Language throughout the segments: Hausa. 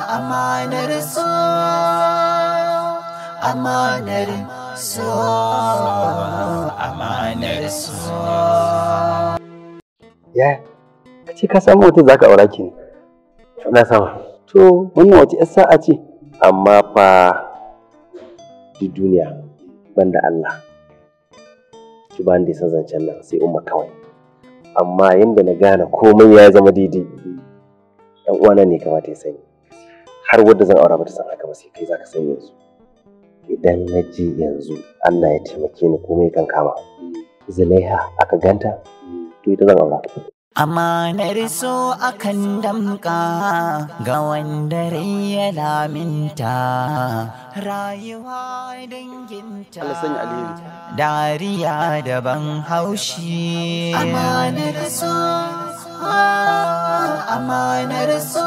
Amanar so, amanar so, amanar so. Ya, ka ce ka samu wata za ka aura ki ne. Na sama. To, wannan wace ‘yar sa'a ce, amma fa duk duniya banda Allah. Ki ba da san zancen nan sai umma kawai. Amma yadda na gane komai ya zama daidai. Ɗan uwana ne kamata ya sani. har wadda zan aura mata san haka ba sai kai zaka san yanzu idan na ji yanzu Allah ya taimake ni komai kan kama zulaiha aka ganta to ita zan aura Amanar so akan damka ga wanda rai ya laminta rayuwa danginta dariya da ban haushi amanar so ah, amanar so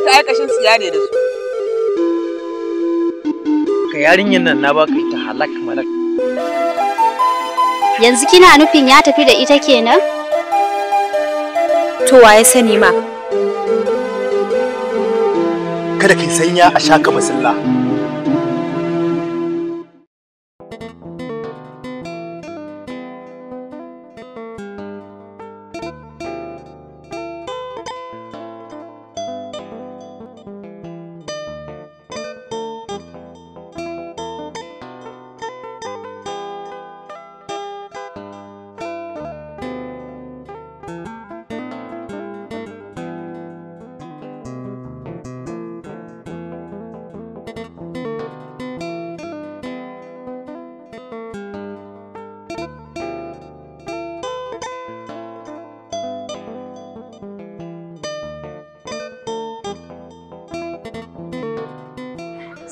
wata aikashin su ne da su ka yarinyar nan na baka ita halak malak yanzu kina nufin ya tafi da ita kenan to waye sani ma kada ki sanya a shaka masalla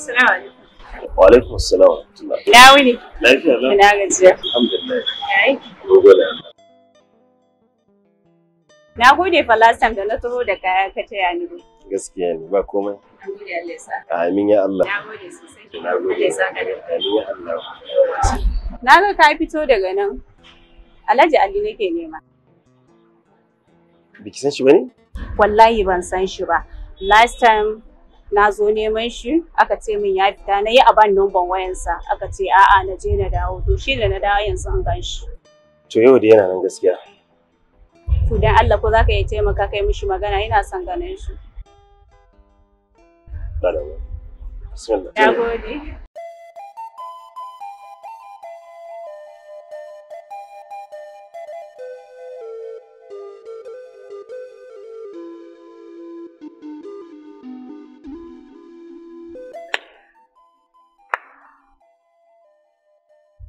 Assalamu alaikum. Wa alaikum assalam wa rahmatullah. Ya wuni. Lafiya na. Ina gajiya. Alhamdulillah. Gode Allah. Na gode fa last time da na taho da kaya ka taya ni. Gaskiya ne ba komai. Amin ya Allah. Na gode sosai. Na gode. Amin ya Allah. Na ga ka fito daga nan. Alhaji Ali nake nema. Biki san shi bane? Wallahi ban san shi ba. Last time na zo neman shi aka ce min ya fita na yi a ban numban wayansa aka ce a'a na je na dawo to shi da na dawo yanzu an gan To yau da yana nan gaskiya. To dan Allah ko zaka ka iya taimaka kai mishi magana ina son ganin shi. Bismillah. Na gode.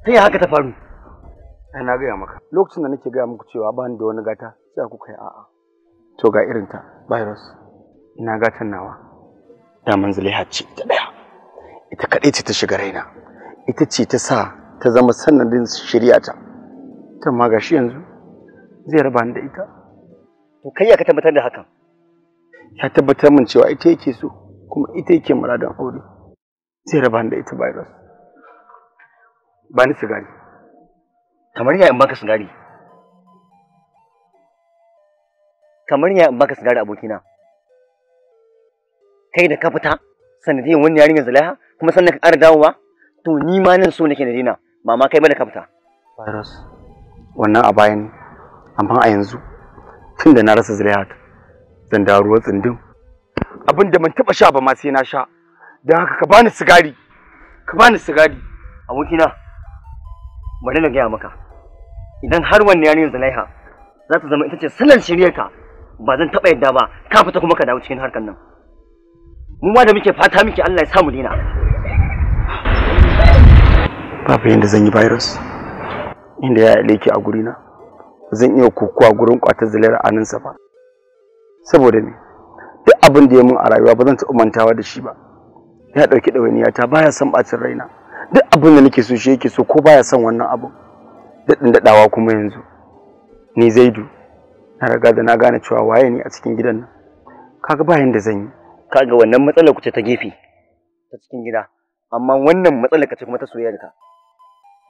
ta yi haka ta faru ai na gaya maka lokacin da nake gaya muku cewa ba ni da wani gata sai ku kai a'a to ga irin ta virus ina gatan nawa daman zulaiha ce ta daya ita kadai ce ta shiga raina ita ce ta sa ta zama sanadin shirya ta ta ma gashi yanzu zai raba ni da ita to kai ya ka tabbatar da hakan ya tabbatar min cewa ita yake so kuma ita yake muradin aure zai raba ni da ita virus Bani sigari kamar ya in baka sigari kamar ya in baka sigari abokina kai da ka fita sanadiyan wani yarinya zalaiha kuma sannan ka ƙara dawowa to ni ma nan so nake da daina ba ma kai ba da ka fita virus wannan a bayan amma a yanzu tun da na rasa zalaiha zan da ruwan tsindin abin da man taba sha ba ma sai na sha don haka ka bani sigari ka bani sigari abokina bari na gaya maka idan har wanne nuna zalaiha za ta zama ita ce salon shiryarka ba zan taɓa yadda ba ka fita kuma ka dawo cikin harkar nan mu ma da muke fata muke Allah ya sa mu dina babu yadda zan yi virus inda ya leke a a gurina zan iya kokowa gurin kwatar zalar nan ba saboda me duk abin da ya mun a rayuwa ba zan taɓa mantawa da shi ba ya ɗauki ɗawainiyata baya son ɓacin raina duk abin da nake so shi yake so ko baya son wannan abu daɗin daɗawa kuma yanzu ni zaidu na riga da na gane cewa waye ni a cikin gidan nan kaga ba yanda zan yi kaga wannan matsalar ku ce ta gefe ta cikin gida amma wannan matsalar ka ce kuma ta soyayyar ka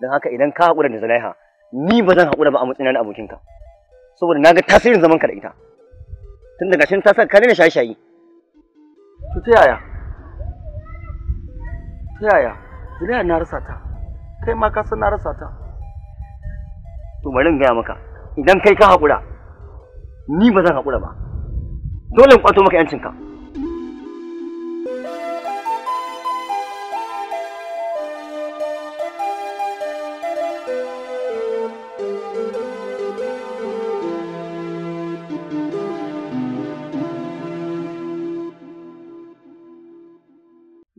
don haka idan ka haƙura da zalaiha ni ba zan haƙura ba a matsayin na abokinka saboda na ga tasirin zaman ka da ita tun daga shin ta saka ka daina shaye-shaye to ta yaya ta yaya Duniya na rasa ta. Kai ma ka san na rasa ta. To bari in gaya maka. Idan kai ka haƙura, ni ba zan haƙura ba. Dole in kwato maka 'yancinka. ka.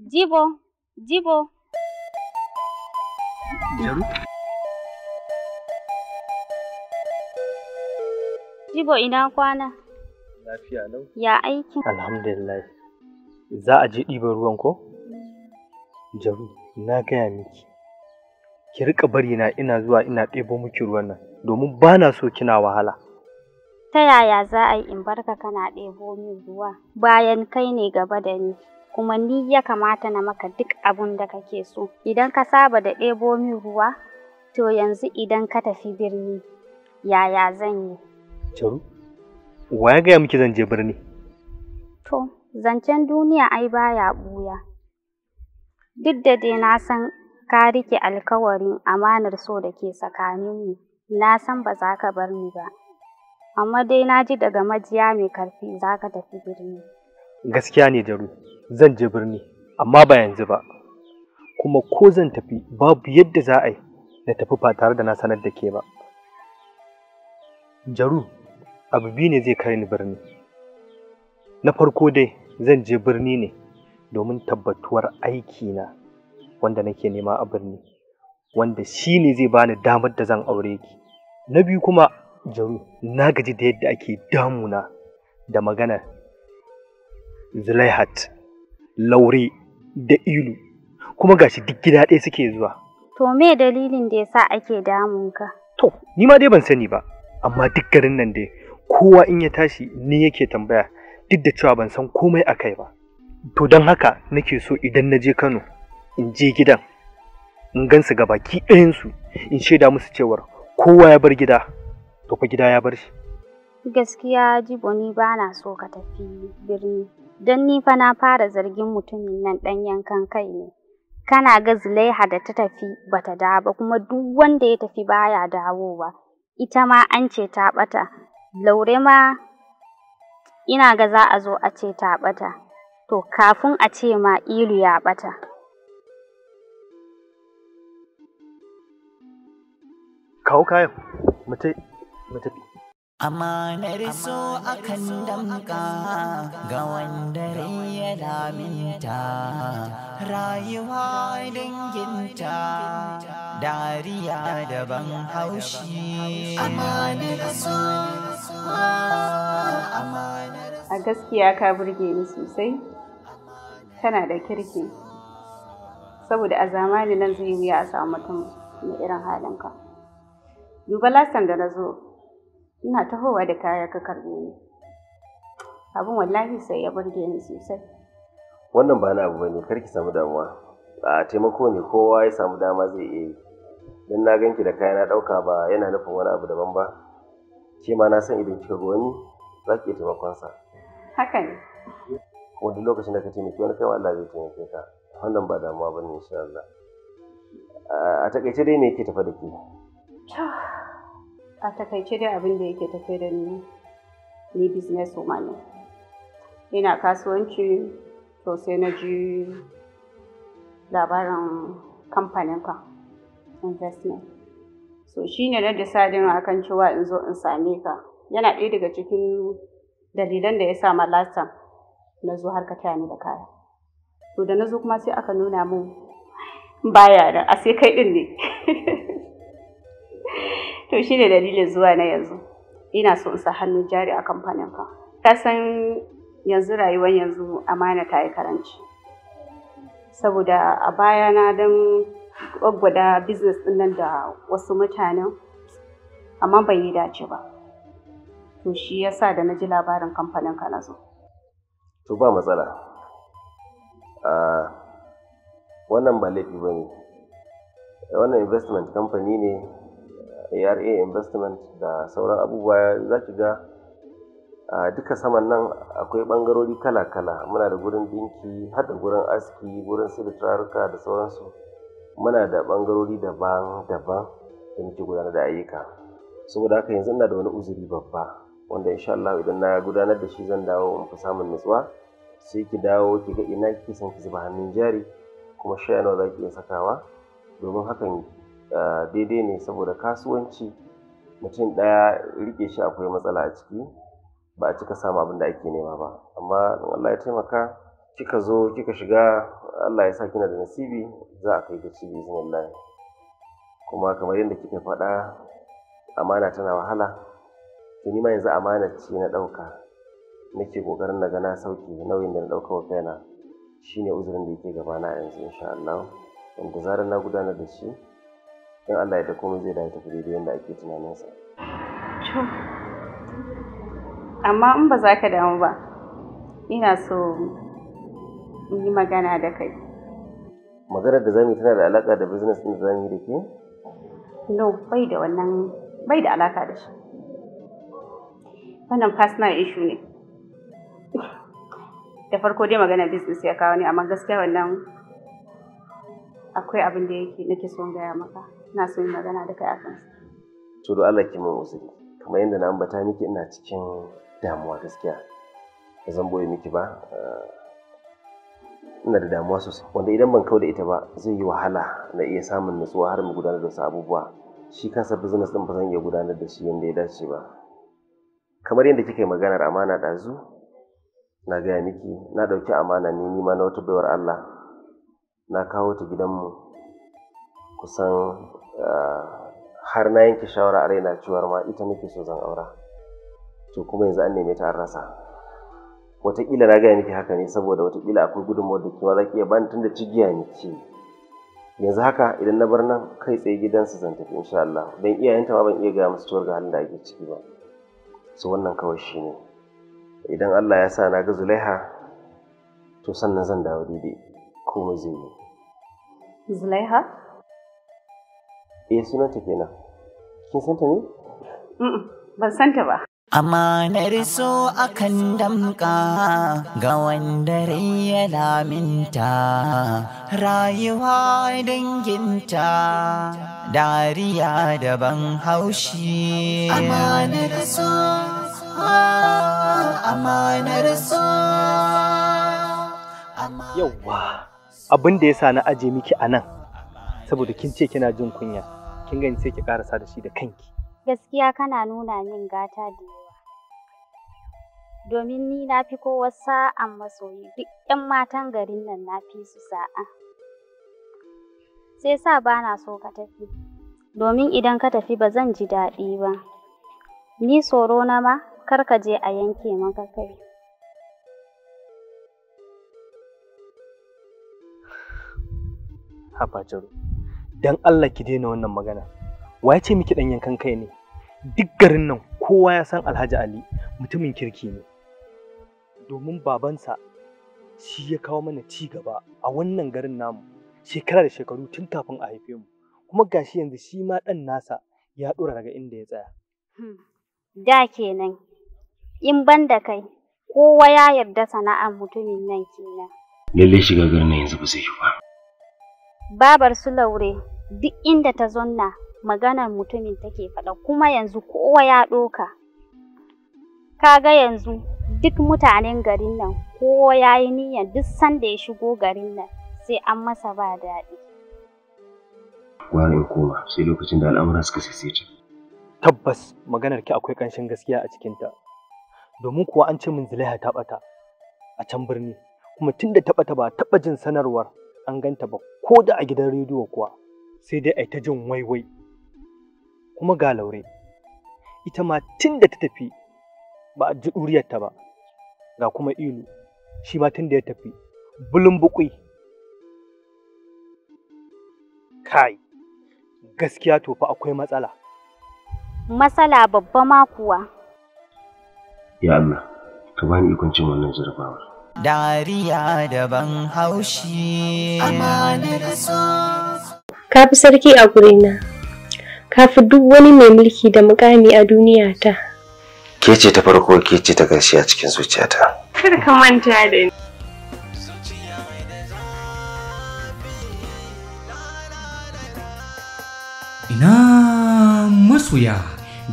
Jibo, Jibo, Jibo ina kwana? Lafiya lau. Ya aiki? Alhamdulillah. Za a je ɗiban ruwan ko? Jaru, na gaya miki. Ki riƙa bari na ina zuwa ina ɗebo miki ruwan nan domin ba na so kina wahala. Ta yaya za a yi in barka kana ɗebo min ruwa bayan kai ne gaba da ni? kuma ni ya kamata na maka duk abun da kake so. Idan ka saba da ɗebo min ruwa, to yanzu idan ka tafi birni, yaya zan yi? Ciro, wa ya gaya miki zan je birni? To, zancen duniya ai baya ɓuya. Duk da dai na san ka rike alkawarin amanar so da ke tsakaninmu, na san ba za ka bar ni ba. Amma dai na ji daga majiya mai karfi za ka tafi birni. gaskiya ne daru zan je birni amma ba yanzu ba kuma ko zan tafi babu yadda za a yi na tafi ba tare da na sanar da ke ba jaru abu biyu ne zai kai ni birni na farko dai zan je birni ne domin tabbatuwar aikina wanda nake nema a birni wanda shi ne zai bani damar da zan aure ki na biyu kuma jaru na gaji da yadda ake damuna da magana zulaihat laure da ilu kuma ga shi duk gida ɗaya suke zuwa to me dalilin da yasa ake damun ka to ni ma dai ban sani ba amma duk garin nan dai kowa in ya tashi ni yake tambaya duk da cewa ban san komai a kai ba to don haka nake so idan na je kano in je gidan in gansu ga baki ɗayansu in shaida musu cewar kowa ya bar gida to fa gida ya bar shi gaskiya jibo ni ba na so ka tafi birni don ni fa na fara zargin mutumin nan ɗan yankan kai ne. Kana ga Zulaiha da ta tafi bata dawo ba kuma duk wanda ya tafi baya dawowa. Ita ma an ce ta ɓata. Laure ma ina ga za a zo a ce ta ɓata. To kafin a ce ma ilu ya ɓata. Kawo kayan, mu tafi. Amanar so akan damka ga wanda ya laminta rayuwa danginta dariya daban haushi. Amanar so A gaskiya ka burge ni sosai, tana da kirki, saboda a zamani nan zai wuya a samu mutum mai irin halinka. Duba lasan da na zo ina tahowa da kaya ka karbe ni abin wallahi sai ya burge ni sosai wannan ba na abu bane kar ki samu damuwa a taimako ne kowa ya samu dama zai iya yi don na ganki da kaya na ɗauka ba yana nufin wani abu daban ba ke ma na san idan kika ga wani za ki iya taimakon sa haka ne kuma duk lokacin da ka taimaki wani kai Allah zai taimake ka wannan ba damuwa bane insha Allah a takaice dai me yake tafa da ke a takaice dai abin da yake tafe da ni ni business woman ne ina kasuwanci to sai na ji labarin kamfanin ka investment so shi ne na decidin kan cewa in zo in same ka yana ɗaya daga cikin dalilan da ya sa ma last na zo har ka taya ni da kaya to da na zo kuma sai aka nuna mun baya da a sai kai ɗin ne to shi ne dalilin zuwa na yanzu ina so in sa hannun jari a kamfanin ka ka san yanzu rayuwar yanzu amana ta yi karanci saboda a baya na don gwaggwada business din nan da wasu mutanen amma bai yi dace ba to shi yasa da na ji labarin kamfanin ka na zo to ba matsala wannan ba laifi ba ne wannan investment company ne ara investment da sauran abubuwa za ki ga a duka saman nan akwai bangarori kala-kala muna da gurin dinki har da gurin aski gurin su da da sauransu muna da bangarori daban-daban da muke gudanar da ayyuka saboda haka yanzu ina da wani uzuri babba wanda insha Allah idan na gudanar da shi zan dawo in fi samun nutsuwa sai ki dawo ki ga ina ki san ki zuba hannun jari kuma sha nawa za ki iya sakawa domin hakan Eh, daidai ne saboda kasuwanci mutum ɗaya rike shi akwai matsala a ciki ba a cika samu abin da ake nema ba amma Allah ya taimaka kika zo kika shiga Allah ya sa kina da nasibi za a kai ci bi izinin kuma kamar yadda kika faɗa amana tana wahala to ma yanzu amana ce na ɗauka nake ƙoƙarin daga na sauƙi, nauyin da na ɗauka wa kaina shine uzurin da yake gabana a yanzu insha Allah wanda zarar na gudanar da shi in Allah ya da komai zai dawo tafi daidai yadda ake tunaninsa. Amma in ba za ka damu ba, ina so in yi magana da kai. Maganar da zamu yi tana da alaƙa da business ɗin da zamu yi da ke? No, bai da wannan, bai da alaƙa da shi. Wannan personal issue ne. Da farko dai magana business ya kawo ne, amma gaskiya wannan akwai abin da yake nake son gaya maka. ina so yi magana da kai akan to do Allah ki mun uzuri kamar yadda na ambata miki ina cikin damuwa gaskiya ba zan boye miki ba ina da damuwa sosai wanda idan ban kau da ita ba zai yi wahala na iya samun nutsuwa har mu gudanar da wasu abubuwa shi kansa business din ba zan iya gudanar da shi yadda ya dace ba kamar yadda kika yi maganar amana ɗazu na gaya miki na ɗauki amana ne nima na wata baiwar Allah na kawo ta gidanmu kusan eh, har na yanke shawara a raina cewar ma ita nake so zan aura to kuma yanzu an neme ta an rasa wataƙila na gaya miki haka ne saboda wataƙila akwai gudunmawar da kewa za ki iya bani tun da cigiya ne ce yanzu haka idan na bar nan kai tsaye gidansu zan tafi insha Allah don iyayenta ma ban iya gaya musu cewar ga halin da ake ciki ba su wannan kawai shi ne idan Allah ya sa na ga Zulaiha to sannan zan dawo daidai komai zai yi Zulaiha eh sunanta kenan kin santa ne ban santa ba Amanar so akan damka ga wanda ya laminta rayuwa danginta dariya daban haushi. Amanar so, amanar so. Yawwa abin da ya sa na aje miki a nan saboda kin ce kina jin kunya. kin gani sai ki karasa da shi da kanki gaskiya kana nuna min gata da yawa domin ni na fi kowa sa'an masoyi duk 'yan matan garin nan na fi su sa'a sai sa ba na so ka tafi domin idan ka tafi ba zan ji daɗi ba ni tsoro na ma kar ka je a yanke maka kai haba dan Allah ki daina wannan magana wa ya ce miki dan yankan kai ne duk garin nan kowa ya san Alhaji Ali mutumin kirki ne domin babansa shi ya kawo mana ci gaba a wannan garin namu shekara da shekaru tun kafin a haife mu kuma gashi yanzu shi ma dan nasa ya dora daga inda ya tsaya hmm. da kenan in ban da kai kowa ya yarda sana'ar mutumin nan kenan Lalle shiga garin nan yanzu ba zai yi ba babar su laure duk inda ta zonna maganar mutumin take faɗa kuma yanzu kowa ya ɗoka kaga yanzu duk mutanen garin nan kowa ya yi niyyar duk sanda ya shigo garin nan sai an masa ba daɗi Gwanin koma sai lokacin da al'amura suka saisaita tabbas maganar ki akwai ƙanshin gaskiya a cikinta domin kuwa an ce min zulaiha ta ɓata a can birni kuma tun da ta ɓata ba taɓa jin sanarwar an ganta ba ko da a gidan rediyo kuwa sai dai a ta jin waiwai kuma ga laure ita ma tun da ta tafi ba a ji ɗuriyarta ba ga kuma ilu shi ma tun da ya tafi bulun bukui kai gaskiya tofa akwai matsala matsala babba ma kuwa ya Allah ka bani ikon wannan jarabawar dariya daban haushi ka fi sarki a gurina ka fi duk wani mai mulki da mukami a duniya ta ke ce ta farko ke ce ta gashi a cikin zuciyata kar ka manta da ni ina masoya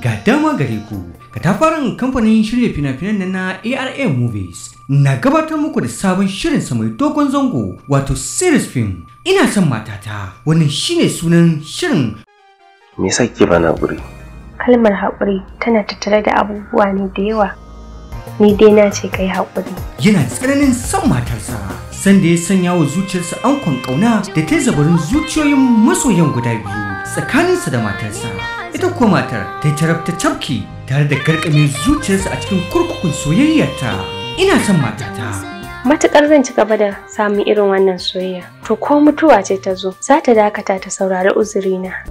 ga dama gare ku ka tafarin kamfanin shirya fina-finan na ARA Movies na gabatar muku da sabon shirin sa mai dogon zango wato series film ina son matata wannan shine sunan shirin me yasa kike bana guri kalmar haƙuri tana tattare da abubuwa ne da yawa ni dai na ce kai haƙuri yana tsananin son matarsa sanda ya sanya wa zuciyarsa ankon ƙauna da ta zabarin zuciyoyin masoyan guda biyu tsakaninsa da matarsa ita kuwa matar ta tarabta cabki tare da karkame zuciyarsa a cikin kurkukun soyayyarta ina son matata Matuƙar zan ci gaba da samun irin wannan soyayya to ko mutuwa ce ta zo za ta dakata ta saurari uzurina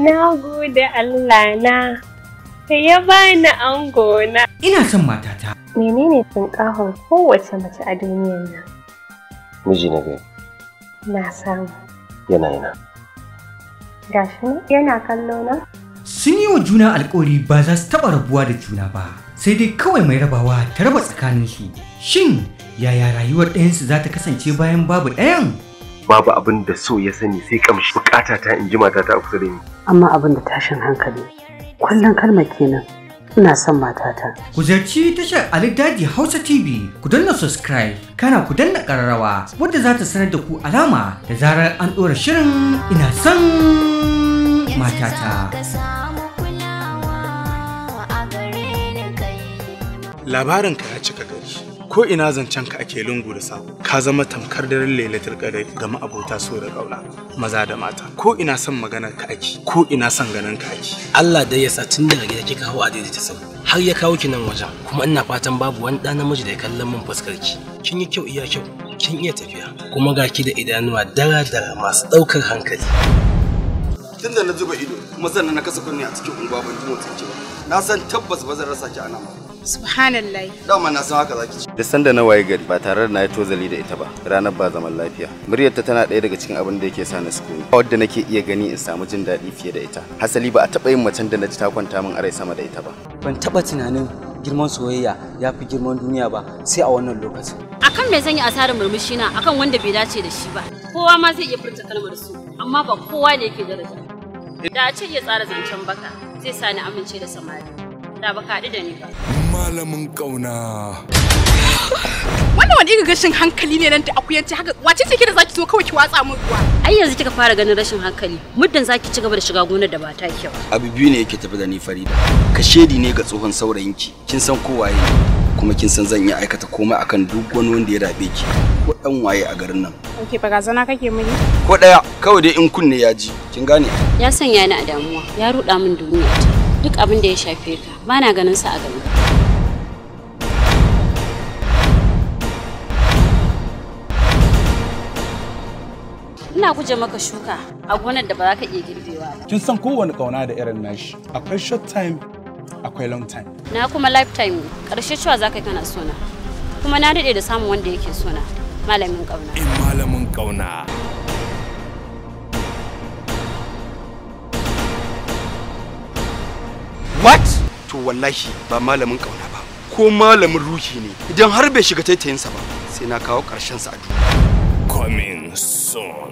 Na gode Allah na, ya bani angona. Ina son matata. Menene ƙahon kowace mace a duniyar nan? Miji na gari. Na samu. Yana yana. Gashi yana kallo na? Sun yi wa juna alƙawari ba za su taɓa rabuwa da juna ba, sai dai kawai mai rabawa ta raba tsakanin tsakaninsu. Shin yaya rayuwar ɗayansu za ta kasance bayan babu ɗayan? Babu abin da so ya sani sai kamshi bukata ta in ji matata a kusa da ni. Amma abin da tashin hankali, kullum kalmar kenan. ina son matata. Ku ziyarci tashar Ali Daji Hausa TV, ku danna subscribe, kana ku danna ƙararrawa wadda za ta sanar da ku alama da zarar an ɗora shirin ina son matata. Labarin ka ya cika gaba. ko ina zancen ka ake lungu da sako ka zama tamkar daren lailatul qadar ga ma'abota so da kauna maza da mata ko ina son maganar ka ake ko ina son ganin ka ake Allah dai ya sa tun daga gida kika hawo ta sau har ya kawo ki nan wajen kuma ina fatan babu wani ɗan namiji da ya kallon min fuskar ki kin yi kyau iya kyau kin iya tafiya kuma ga ki da idanuwa dara dara masu ɗaukar hankali tun da na zuba ido kuma sannan na kasa kunni a cikin unguwa ban ji motsin ki ba na san tabbas ba zan rasa ki a nan ba subhanallah dama na san haka zaki ci da sanda na waye gari ba tare da na yi tozali da ita ba ranar ba zaman lafiya muryarta tana ɗaya daga cikin abin da yake sa na sukuni ba wadda nake iya gani in samu jin daɗi fiye da ita hasali ba a taɓa yin macen da na ji ta kwanta min arai sama da ita ba ban taɓa tunanin girman soyayya ya fi girman duniya ba sai a wannan lokacin akan me zan yi asarar murmushi na akan wanda bai dace da shi ba kowa ma zai iya furta kalmar su amma ba kowa ne yake daraja da a ce iya tsara zancen baka zai sa ni amince da samari da baka haɗu da ni ba. Malamin ƙauna. Wannan wani iga gashin hankali ne nan da akuyanci haka wace ce da zaki zo kawai ki watsa min ruwa. Ai yanzu kika fara ganin rashin hankali muddin zaki ci gaba da shiga gonar da ba ta kyau. Abu biyu ne yake tafi da ni Farida. Ka shedi ne ga tsohon saurayinki kin san ko waye kuma kin san zan iya aikata komai akan duk wani wanda ya rabe ki ko dan waye a garin nan. Ok barazana kake mini? Ko daya kawai dai in kunne ya ji kin gane. Ya sanya ni a damuwa ya ruɗa min duniya. duk abin da ya shafe ka ba na ganin sa a gaba ina guje maka shuka a gonar da ba za ka iya girbewa ba kin san kowane kauna da irin nashi akwai short time akwai long time na kuma lifetime karshe cewa za ka kana sona kuma na daɗe da samun wanda yake sona malamin kauna malamin kauna wallahi ba malamin kauna ba ko malamin ruhi ne idan har bai shiga taitayinsa ba sai na kawo ƙarshen sa a duniya coming soon